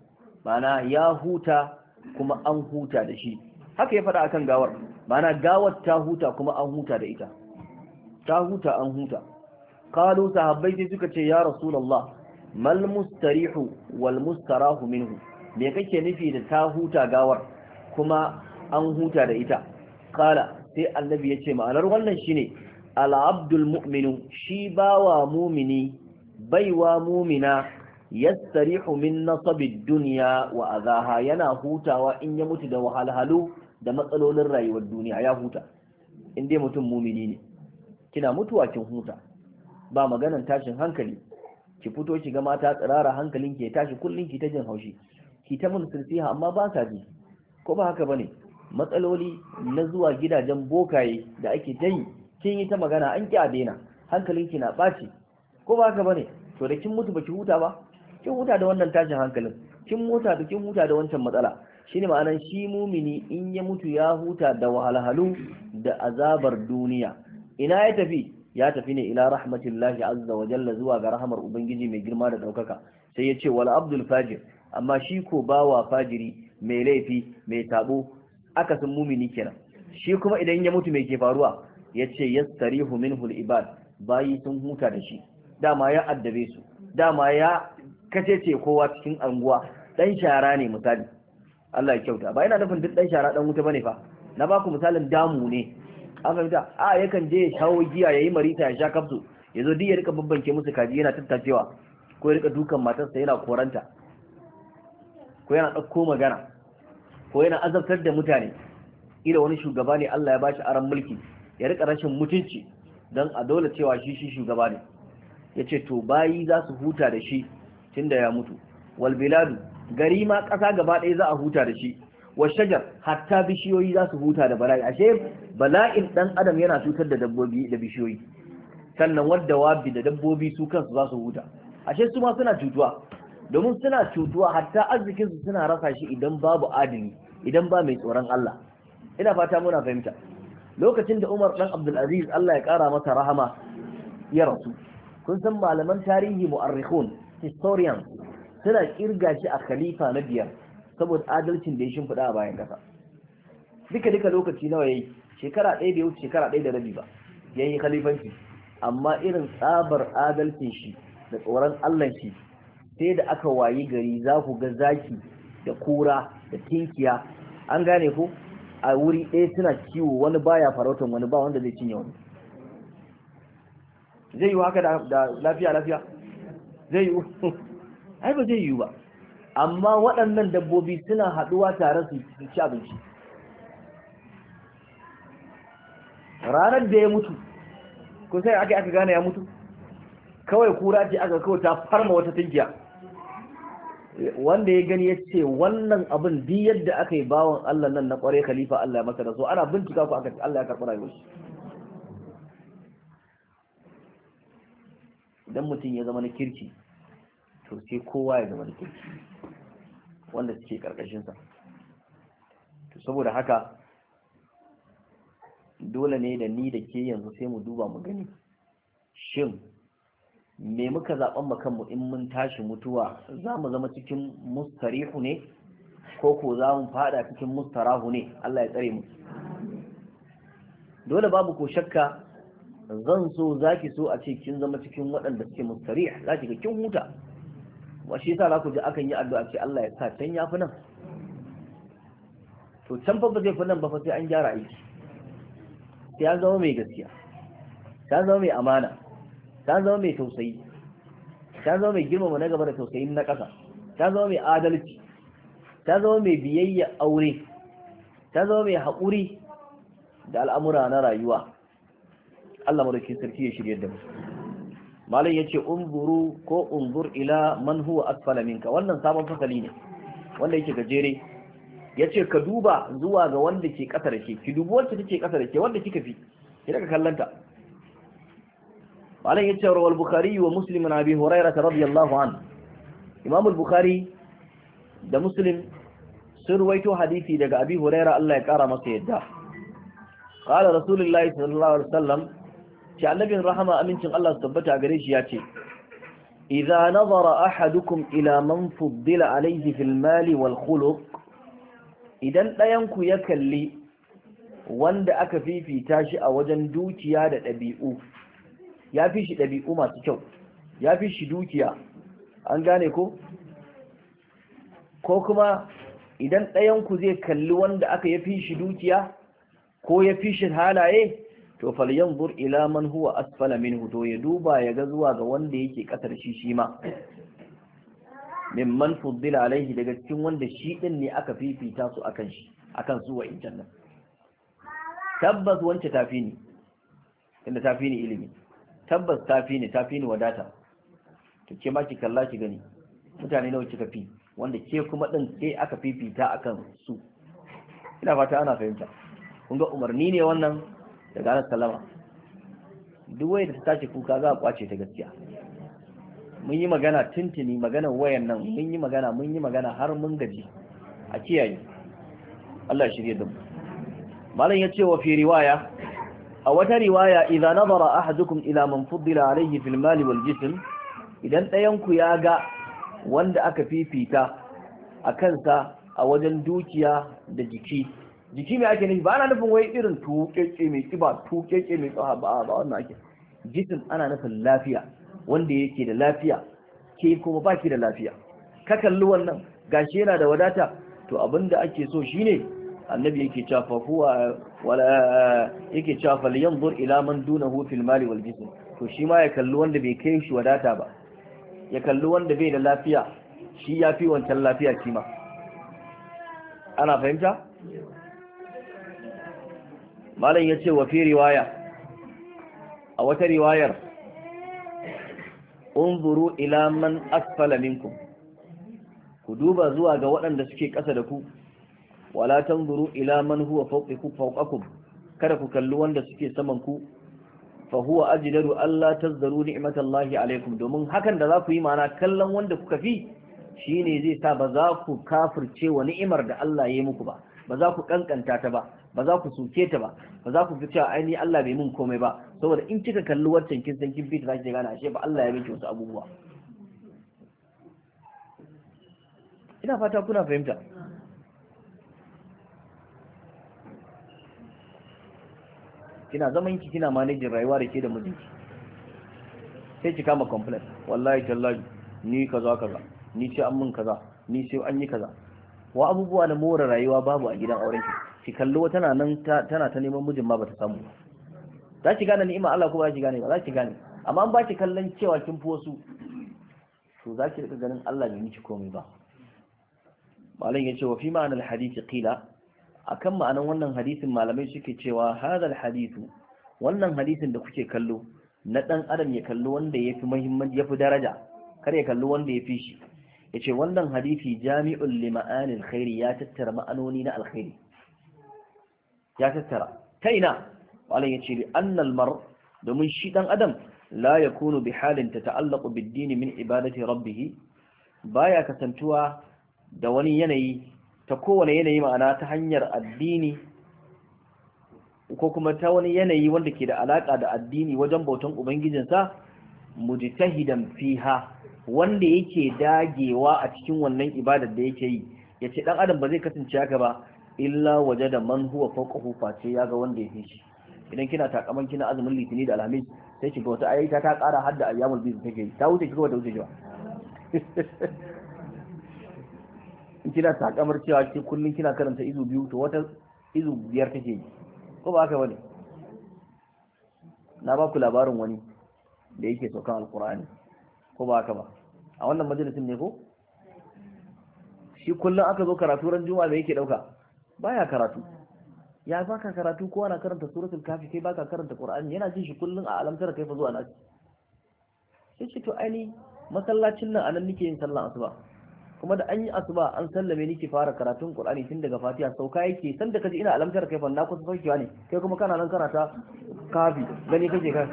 mana ya huta kuma an huta da shi haka ya faɗa akan gawar mana gawar ta huta kuma an huta da ita ta huta an huta qalu sahabbai sai suka ce ya rasulullah mal mustarihu wal mustarahu minhu me kake nufi da ta huta gawar kuma an huta da ita kala sai annabi ya ce ma'anar wannan shine al'abdul mu'minu shi bawa mumini baiwa mumina yastarihu min nasabid duniya wa azaha yana hutawa in ya mutu da wahalhalu da matsalolin rayuwar duniya ya huta in dai mutum mumini ne kina mutuwa kin huta ba maganan tashin hankali ki fito ki ga mata tsirara hankalin ke ya tashi kullun ki ta jin haushi ki ta mun sirsiha amma ba sa ji ko ba haka bane matsaloli na zuwa gidajen bokaye da ake tayi kin yi ta magana an ki a daina hankalinki na ɓaci ko ba haka bane to da kin mutu baki huta ba kin huta da wannan tashin hankalin kin mota da kin huta da wancan matsala shine ma'anan shi mumini in ya mutu ya huta da wahalhalu da azabar duniya ina ya tafi ya tafi ne ila rahmatillahi azza wa jalla zuwa ga rahamar ubangiji mai girma da daukaka sai ya ce wal abdul fajir amma shi ko bawa fajiri mai laifi mai aka akasin mumini kenan shi kuma idan ya mutu mai ke faruwa Ya yace yastarihu minhu al-ibad bayi sun huta da shi dama ya addabe su dama ya kacece kowa cikin anguwa dan shara ne misali Allah ya kyauta ba yana nufin duk dan shara dan wuta bane fa na baku misalin damu ne an fahimta a yakan je ya shawo giya yayi marita ya sha Ya zo duk ya rika babbanke musu kaji yana tattacewa ko ya rika dukan matarsa yana koranta ko yana ɗauko magana ko yana azabtar da mutane ila wani shugaba ne Allah ya bashi aran mulki ya rika rashin mutunci don a dole cewa shi shi shugaba ne ya ce to bayi za su huta da shi tun ya mutu wal biladu gari ma ƙasa gaba ɗaya za a huta da shi wa shajar hatta bishiyoyi za su huta da bala'i ashe bala'in ɗan adam yana cutar da dabbobi da bishiyoyi sannan wadda wabi da dabbobi su kansu za su huta ashe su ma suna cutuwa domin suna cutuwa hatta arzikinsu suna rasa shi idan babu adini idan ba mai tsoron Allah ina fata muna fahimta lokacin da Umar dan Abdul Aziz Allah ya kara masa rahama ya rasu kun san malaman tarihi mu'arrikhun historian suna kirga shi a khalifa na biyar saboda adalcin da ya shimfiɗa a bayan kasa duka duka lokaci nawa yayi shekara ɗaya da wuce shekara ɗaya da rabi ba yayi khalifanci amma irin tsabar adalcin shi da tsoron Allah shi sai da aka wayi gari za ku ga zaki da kura da tinkiya an gane ku a wuri ɗaya suna kiwo wani baya farautan wani ba wanda zai cinye wani zai yi haka da lafiya lafiya zai yi ai ba zai yi ba amma waɗannan dabbobi suna haɗuwa tare su ci abinci ranar da ya mutu kun sai aka aka gane ya mutu kawai kura ce aka kawai ta farma wata tinkiya wanda ya gani ya ce wannan abin biyu yadda aka yi bawan Allah nan na kware khalifa Allah ya masarar da so ana bincika ku aka Allah ya karɓi rayuwar shi idan mutum ya zama na kirki to sai kowa ya zama na kirki wanda suke karkashinsa to saboda haka dole ne da ni da ke yanzu sai mu duba mu gani shin me muka zaben mu kanmu in mun tashi mutuwa za mu zama cikin mustarihu ne ko ko za mu fada cikin mustarahu ne Allah ya tsare mu dole babu ko shakka zan so zaki so a ce kin zama cikin waɗanda suke mustarih za ki ga kin huta wa shi yasa za ku ji akan yi addu'a ce Allah ya sa can fi nan to can fa ba zai fi nan ba fa sai an gyara aiki sai ya zama mai gaskiya ya zama mai amana ta zama mai tausayi ta zama mai girmama na gaba da tausayin na ƙasa ta zama mai adalci ta zama mai biyayya aure ta zama mai haƙuri da al'amura na rayuwa Allah mara sarki ya shirya da mu malam un unzuru ko unzur ila man huwa asfala minka wannan sabon fasali ne wanda yake gajere ya ce ka duba zuwa ga wanda ke ƙasa da ke ki dubi wacce take ƙasa da ke wanda kika fi ki daga kallanta malam yace rawal bukhari wa muslim na abi huraira radiyallahu an imam bukhari da muslim sun ruwaito hadisi daga abi huraira Allah ya kara masa yadda qala rasulullahi sallallahu alaihi wasallam shi annabin rahama amincin Allah su tabbata gare shi yace idza nazara ahadukum ila man fuddila alayhi fil mali wal khuluq idan dayan ku ya kalli wanda aka fifita shi a wajen dukiya da dabi'u ya fi shi ɗabi'u masu kyau ya fi shi dukiya an gane ko ko kuma idan ɗayanku zai kalli wanda aka ya fi shi dukiya ko ya fi shi halaye to falyan zur ila man huwa asfala minhu to ya duba ya ga zuwa ga wanda yake ƙasar shi shi ma mimman fuddila alaihi daga cikin wanda shi din ne aka fifita su akan shi akan su wa tabbas wance tafi ni inda tafi ni ilimi tabbas tafi ne tafi ne wadata to ke ma ki kalla ki gani mutane nawa kika fi wanda ke kuma din ke aka fifita akan su ina fata ana fahimta kun ga umarni ne wannan daga Allah sallama duk wayar da ta tashi kuka za a kwace ta gaskiya mun yi magana tintini magana wayan nan mun yi magana mun yi magana har mun gaji a kiyaye Allah shirye da mu malam ya ce wa fi riwaya a wata riwaya idan nazara ahadukum ila man fuddila alayhi fil wal jism idan ɗayan ku ya ga wanda aka fifita a kansa a wajen dukiya da jiki jiki mai ake nufi ba ana nufin wai irin tuƙeƙe mai ƙiba tuƙeƙe mai tsaha ba ba wannan ake jikin ana nufin lafiya wanda yake da lafiya ke kuma baki da lafiya ka kalli wannan gashi yana da wadata to abinda ake so shine annabi yake cewa huwa wala yake cewa falyanzur ila man dunahu fil mali wal jism to shi ma ya kalli wanda bai kai shi wadata ba ya kalli wanda bai da lafiya shi ya fi wancan lafiya kima ana fahimta malam yace wa fi riwaya a wata riwayar unzuru ila man asfala minkum ku duba zuwa ga waɗanda suke ƙasa da ku wala tanzuru ila man huwa fawqakum kada ku kalli wanda suke saman ku fa huwa ajdaru alla tazdaru ni'matallahi alaikum domin hakan da za ku yi mana kallon wanda kuka fi shine zai sa ba za ku kafirce wa ni'imar da Allah ya yi muku ba ba za ku kankanta ta ba ba za ku suke ta ba ba za ku fi cewa aini Allah bai mun komai ba saboda in kika kalli wancan kin san kin fita zaki gane ashe ba Allah ya miki wasu abubuwa ina fata kuna fahimta kina zaman ki kina manajin rayuwa da ke da mijinki sai ki kama complain wallahi tallahi ni kaza kaza ni sai an mun kaza ni sai an yi kaza wa abubuwa na more rayuwa babu a gidan aurenki ki kalli wata nan tana ta neman mijin ma bata samu ba za ki gane ni'ima Allah ko ba ki gane ba za ki gane amma an ba ki kallon cewa kin fi wasu to za ki rika ganin Allah bai miki komai ba malam yace wa fi ma'anal hadith qila akan ma'anar wannan hadisin malamai suke cewa hadal hadisu wannan hadisin da kuke kallo na dan adam ya kallo wanda ya fi muhimmanci ya fi daraja kar ya kallo wanda ya fi shi ya ce wannan hadisi jami'ul li ma'anil khairi ya tattara ma'anoni na alkhairi ya tattara ta ina wala ya ce li annal mar domin shi dan adam la yakunu bi halin tata'allaqu bid-din min ibadati rabbih baya kasantuwa da wani yanayi ta kowane yanayi ma'ana ta hanyar addini ko kuma ta wani yanayi wanda ke da alaka da addini wajen bautan ubangijinsa mujtahidan fiha wanda yake dagewa a cikin wannan ibadar da yake yi yace dan adam ba zai kasance haka ba illa wajada man huwa fawqahu face ga wanda yake shi idan kina takaman kina azumin litini da alhamis sai kiga wata ayyuka ta kara hadda ayyamul bizu take ta wuce kiga wata wuce ba in kina takamar cewa ke kullum kina karanta izu biyu to wata izu biyar kake yi ko ba haka bane na ba ku labarin wani da yake saukan alkur'ani ko ba haka ba a wannan majalisin ne ko shi kullum aka zo karatu ran juma'a da yake dauka baya karatu ya baka karatu ko ana karanta suratul kafi kai baka karanta qur'ani yana jin shi kullum a alamtar kai fa zuwa nasi shi ce to aini masallacin nan anan nake yin sallah asuba kuma da an yi asuba an sallame ni ki fara karatun qur'ani tun daga fatiha sauka yake san da kaji ina alamtar kai fa na kusa saukewa ne kai kuma kana nan karata kafi gani kake ka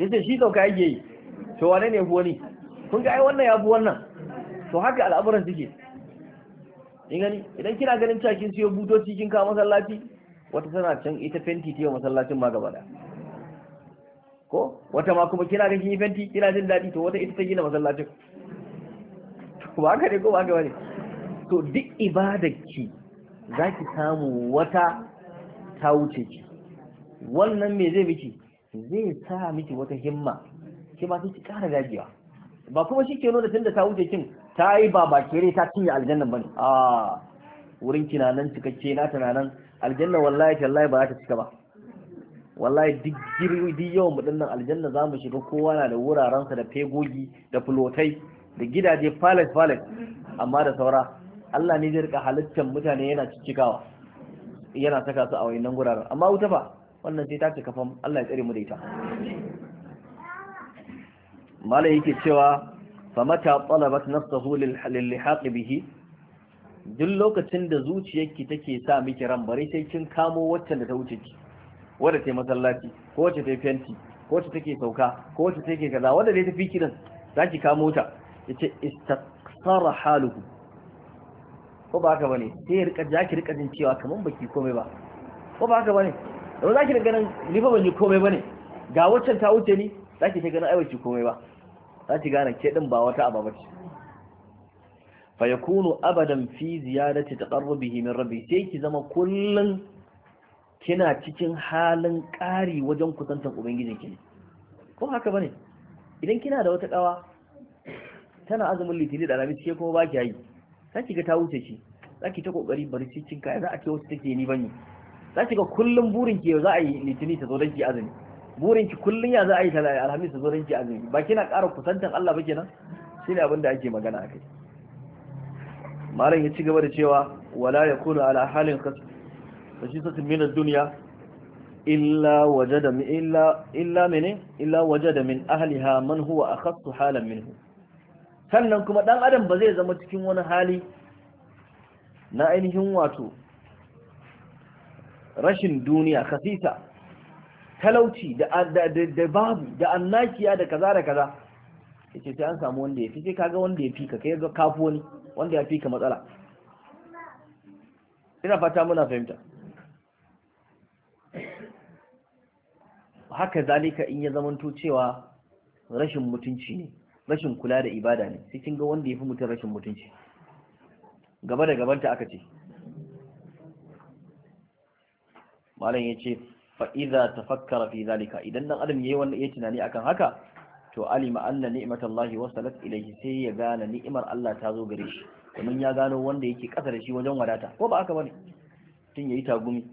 yace shi sauka yake yi to wane ne bu wani kun ga ai wannan ya bu wannan to haka al'amuran suke in gani idan kina ganin cakin siyo butoci kin kawo masallaci wata sana can ita fenti ta masallacin ma gaba daya ko wata ma kuma kina ganin fenti kina jin daɗi to wata ita ta gina masallacin ba haka ne ko ba haka bane to duk ibadarki zaki samu wata ta wuce ki wannan me zai miki zai sa miki wata himma ki ba sai ki ƙara dagewa ba kuma shi ke nuna tunda ta wuce kin ta yi ba ba kere ta cinye aljannan bane a wurin kina nan cikakke na tunanan aljanna wallahi tallahi ba za ta cika ba wallahi duk girgi yau mu dinnan aljanna za mu shiga kowa na da wurarensa da fegogi da fulotai da gidaje palace palace amma da saura Allah ne zai rika halittar mutane yana cikikawa yana saka su a wayannan guraren amma wuta ba wannan sai ta ce kafan Allah ya tsare mu da ita malai yake cewa famata talabat nafsuhu lil lihaq bihi duk lokacin da zuciyarki take sa miki ran bare sai kin kamo waccan da ta wuce ki wadda ta yi masallaci ko wacce ta yi fenti ko wacce take sauka ko wacce take kaza wadda dai ta fi kiran za ki kamo ta ya ce istaksara haluhu ko ba haka bane sai ya rika jaki rika jin cewa kaman baki komai ba ko ba haka bane yau ki rika ganin nifa fa ban yi komai ne ga waccan ta wuce ni za ta ganin ai baki komai ba za ki gane ke din ba wata aba ce fa yakunu abadan fi ziyadati taqarrubihi min rabbi sai ki zama kullun kina cikin halin ƙari wajen kusantan ubangijinki ne ko haka bane idan kina da wata kawa tana azumin litinin da alamis ke kuma ba ki yi za ki ga ta wuce shi za ki ta kokari bari cikin kaya za a ce wasu take ni bane za ki ga kullum burin ki za a yi litinin ta zo don ki azumi burin ki kullum ya za a yi ta alhamis ta zo don ki azumi ba kina ƙara kusantan Allah ba kenan shine abin da ake magana akai malam ya ci gaba da cewa wala yakunu ala halin kasu bashisatin min ad-dunya illa wajada min illa illa min illa wajada min ahliha man huwa akhassu halan minhu sannan kuma dan adam ba zai zama cikin wani hali na ainihin wato rashin duniya kasita talauci da babu da annakiya da kaza da kaza yace sai an samu wanda ya fi sai kaga wanda ya fi ka kai ga kafo ne wanda ya fi ka matsala ina fata muna fahimta haka zalika in ya zamanto cewa rashin mutunci ne rashin kula da ibada ne sai kin ga wanda yafi fi rashin mutunci gaba da gabanta aka ce malam ya ce fa'iza ta fakkara fi zalika idan dan adam yayi wannan ya tunani akan haka to Ali alima anna ni'matallahi wasalat ilayhi sai ya gane ni'imar Allah ta zo gare shi domin ya gano wanda yake kasa da shi wajen wadata ko ba aka bane tun yayi tagumi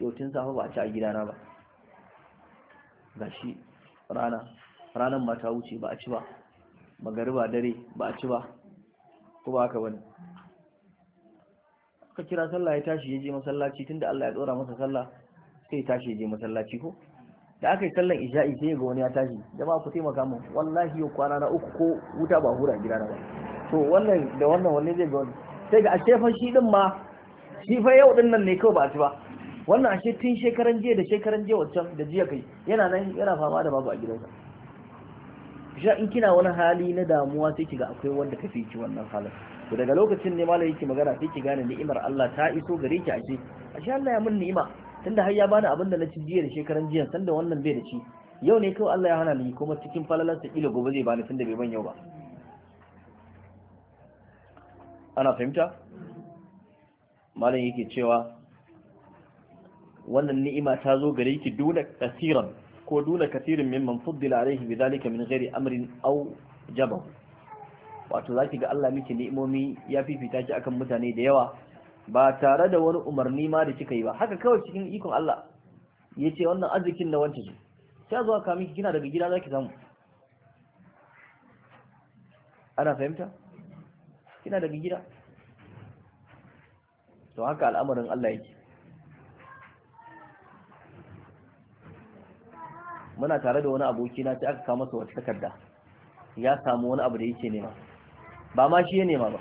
yau tun safe ba a ci a gidana ba gashi rana ranar mata ta wuce ba a ci ba magariba dare ba a ci ba ko ba haka bane ka kira sallah ya tashi ya je masallaci tunda Allah ya dora masa sallah sai ya tashi ya je masallaci ko da aka yi sallan isha'i sai ga wani ya tashi ba ku taimaka min wallahi yau kwana na uku ko wuta ba hura gida na ba to wannan da wannan wanne zai ga wani sai ga a shefan shi din ma shi fa yau din nan ne kawai ba a ci ba wannan ashe tun shekaran jiya da shekaran jiya waccan da jiya kai yana nan yana fama da babu a gidansa sha in kina wani hali na damuwa sai kiga akwai wanda kafi ki wannan halin to daga lokacin ne malai yake magana sai ki gane ni'imar Allah ta iso gare ki ashe ashe Allah ya mun ni'ima tunda har ya bani abin da na ci jiya da shekaran jiya sanda wannan bai da shi. yau ne kawai Allah ya hana ni kuma cikin falalarsa kila gobe zai bani tunda bai ban yau ba ana fahimta malam yake cewa wannan ni'ima ta zo gare ki duna kasiran ko duna kasirin mimman fuddila alaihi bi zalika min ghairi amrin aw jabr wato zaki ga Allah miki ni'imomi ya fifita ki akan mutane da yawa ba tare da wani umarni ma da kika yi ba haka kawai cikin ikon Allah yace wannan arzikin na wanta ce sai zuwa ka miki kina daga gida zaki samu ana fahimta kina daga gida to haka al'amarin Allah yake muna tare da wani aboki na sai aka kawo masa wata takarda ya samu wani abu da yake nema ba ma shi ya nema ba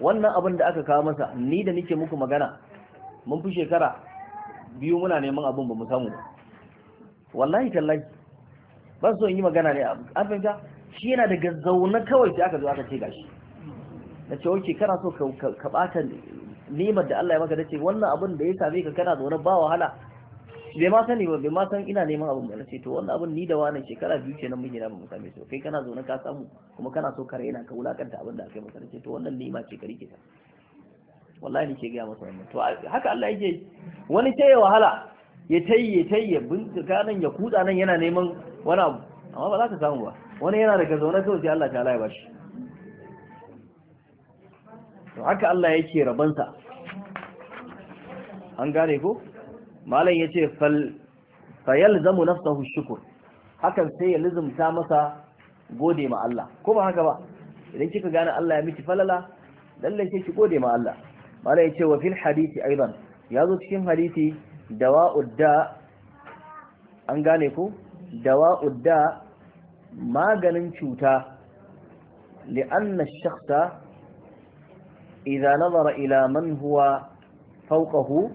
wannan abin da aka kawo masa ni da nike muku magana mun fi shekara biyu muna neman abin ba mu samu ba wallahi tallahi ban so in yi magana ne a fahimta shi yana daga zaune kawai sai aka zo aka ce gashi na ce oke kana so ka bata nemar da Allah ya maka dace wannan abin da ya same ka kana zaune ba wahala bai ma sani ba bai ma san ina neman abin ba na ce to wannan abin ni da wani shekara biyu nan mun gina ba mu same su kai kana zaune ka samu kuma kana so kare ina ka wulakanta abin da aka yi masa ce to wannan ma ce kari ke wallahi ke ga masa wannan to haka Allah yake wani ta ya wahala ya taye ya bin ka bincika nan ya kutsa nan yana neman wani abu amma ba za ka samu ba wani yana daga zaune kawai sai Allah ta ya bashi to haka Allah yake rabansa an gane ko malam yace fal fayalzamu nafsahu shukr hakan sai ya lizumta masa gode ma Allah haka ba idan kika gane Allah ya miki falala lalle sai ki gode ma Allah malam yace wa fil hadisi aidan yazo cikin hadisi dawa'ud da an gane ko dawa'ud da maganin cuta li'anna ash-shakhsa idza nazara ila man huwa fawqahu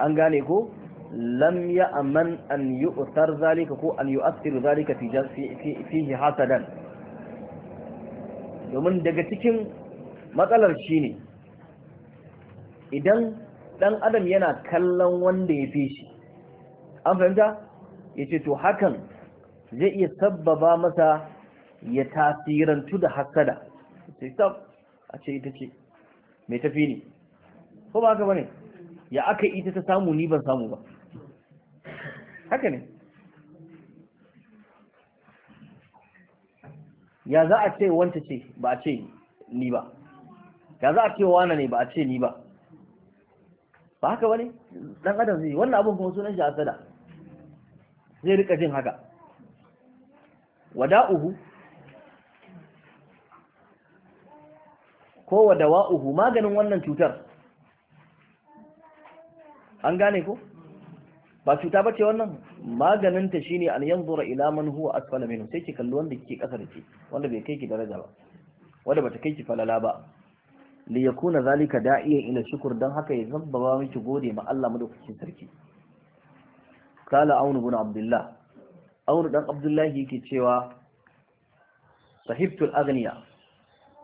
an gane ko lam ya aman an yi utar zalika ko an yi asir zalika fihi hasadan domin daga cikin matsalar shi ne idan ɗan adam yana kallon wanda ya fi shi an fahimta ya ce to hakan zai iya sabbaba masa ya tasirantu da hasada sai a ce ita ce mai tafi ne ko ba haka ba ya aka ita ta samu ni ban samu ba haka ne ya za a ce wanta ce ba a ce ni ba ya za a ce wana ne ba a ce ni ba ba haka wani dan adam zai wannan abin kuma sunan shi asada zai rika jin haka wada'uhu ko wadawa'uhu maganin wannan cutar an gane ko ba cuta bace wannan maganinta shi ne yanzura ila man huwa asfala minhu sai ki kalli wanda kike kasar da ke wanda bai kai ki daraja ba wanda bata kai ki falala ba ya kuna zalika da'iyan ila Shukur, don haka ya ba miki gode ma Allah madaukakin sarki kala aunu bin abdullah aunu dan abdullahi yake cewa sahibtul agniya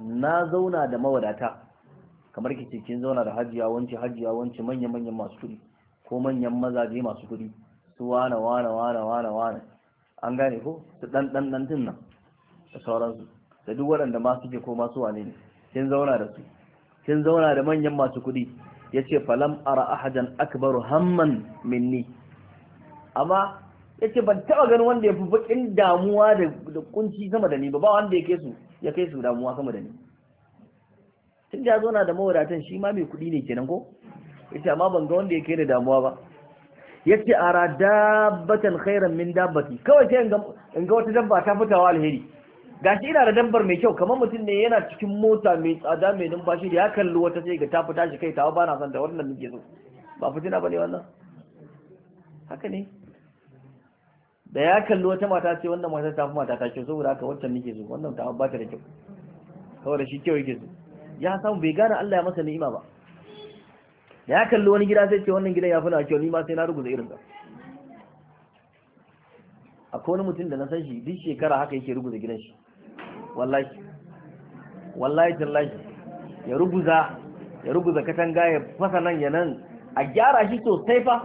na zauna da mawadata kamar ce kin zauna da hajiya wanci hajiya manya manyan masu kuɗi ko manyan mazaje masu kuɗi su wane wane wane wane wane an gane ko su ɗan ɗan din nan da sauransu da duk waɗanda ma suke ko masu wane ne kin zauna da su kin zauna da manyan masu kuɗi yace falam ara ahadan akbaru hamman minni amma yace ban taba ganin wanda ya fi in damuwa da kunci sama da ni ba ba wanda ya kesu su ya kai su damuwa sama da ni tun da zo na da mawadatan shi ma mai kuɗi ne kenan ko yace amma ban ga wanda yake da damuwa ba yace ara dabbatan khairan min dabbati kawai sai in ga wata dabba ta fitawa alheri gashi ina da dabbar mai kyau kamar mutum ne yana cikin mota mai tsada mai numfashi da ya kalli wata sai ga ta fita shi kai tawa ba na son da wannan nake so ba fitina bane wannan haka ne da ya kalli wata mata ce wannan mata ta fi mata ta kyau saboda haka wancan nake so wannan ta ba ta da kyau kawai da shi kyau yake so ya samu bai gane Allah ya masa ni'ima ba da ya kalli wani gida sai ce wannan gidan ya fi na kyau ni ma sai na rubuta irin sa A wani mutum da na san shi duk shekara haka yake rubuta gidan shi wallahi wallahi tallahi ya rubuta ya rubuta katanga ya fasa nan ya nan a gyara shi sosai fa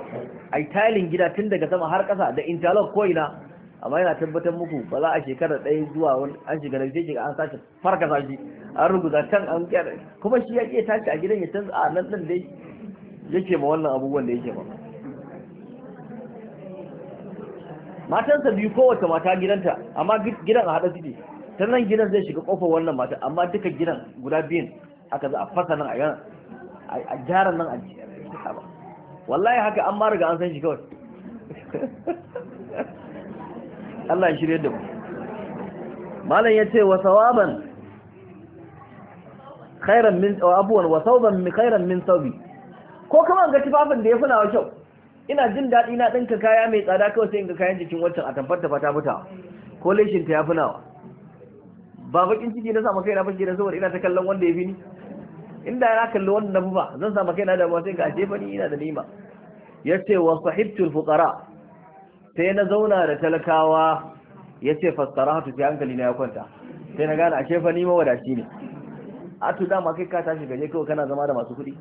a tilin gida tun daga sama har ƙasa da interlock ko ina amma yana tabbatar muku ba za a shekara ɗaya zuwa wani an shiga nan sai an sace farka sashi an rubuta can an gyara kuma shi ya iya tashi a gidan ya canza a nan nan dai yake ma wannan abubuwan da yake ma matansa biyu kowace mata gidanta amma gidan a haɗa suke ta nan gidan zai shiga ƙofar wannan mata amma duka gidan guda biyun aka za a fasa nan a gyara nan a wallahi haka an mara ga an san shi kawai Allah ya shirya da mu malam ya ce wa sawaban khairan min abuwan wa khairan min sawbi ko kuma ga tufafin da ya fi kyau ina jin daɗi na ɗinka kaya mai tsada kawai sai in ga kayan jikin wancan a tamfar ta fata mutawa. ko leshin ta ya fi ba bakin ciki na samu kaina na da saboda ina ta kallon wanda ya fi ni inda na kalli wanda na fi ba zan samu kaina da sai ga ashe jefani ina da nima ya ce wa sahibtul fuqara sai na zauna da talakawa ya ce fassara hatu sai hankali na ya kwanta sai na gane ashe fa ni mawadaci ne a tu dama kai ka tashi gaje kawai kana zama da masu kuɗi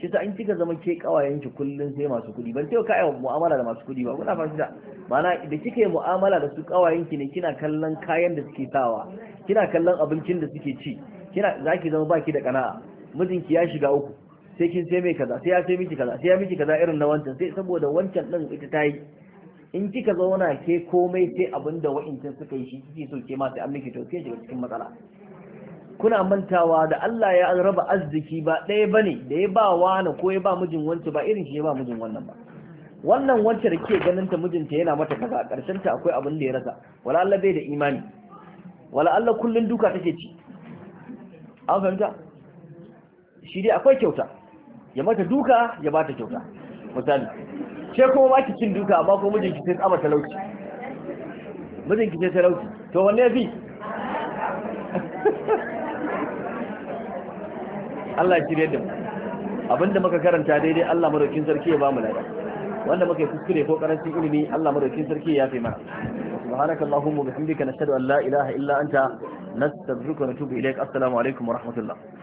shi ta an kika zama ke kawayen kullum kullun sai masu kuɗi ban taiwa kai mu'amala da masu kuɗi ba kuna da mana da kika yi mu'amala da su kawayen ki ne kina kallon kayan da suke sawa kina kallon abincin da suke ci kina zaki zama baki da kana'a mijinki ya shiga uku sai kin sai mai kaza sai ya sai miki kaza sai ya miki kaza irin na wancan sai saboda wancan din ita ta yi in kika zauna ke komai sai abinda da wa'incan suka yi shi kike so ke ma sai an miki to sai shiga cikin matsala kuna mantawa da Allah ya raba arziki ba ɗaya ba ne da ya ba wani ko ya ba mijin wancan ba irin shi ya ba mijin wannan ba wannan wancan da ke ganin ta mijinta yana mata kaza a ƙarshen ta akwai abin da ya rasa wala Allah bai da imani wala Allah kullun duka take ci an fahimta shi dai akwai kyauta ya mata duka ya bata kyauta misali ce kuma ba ki cin duka amma ko ki sai tsaba talauci ki sai talauci to wanne ya fi Allah ya shirye da mu abinda muka karanta daidai Allah madaukin sarki ya bamu mu lada wanda muka yi kuskure ko karancin ilimi Allah madaukin sarki ya yafe mana subhanaka allahumma wa bihamdika nashhadu an la ilaha illa anta nastaghfiruka wa natubu ilaik assalamu alaikum wa rahmatullah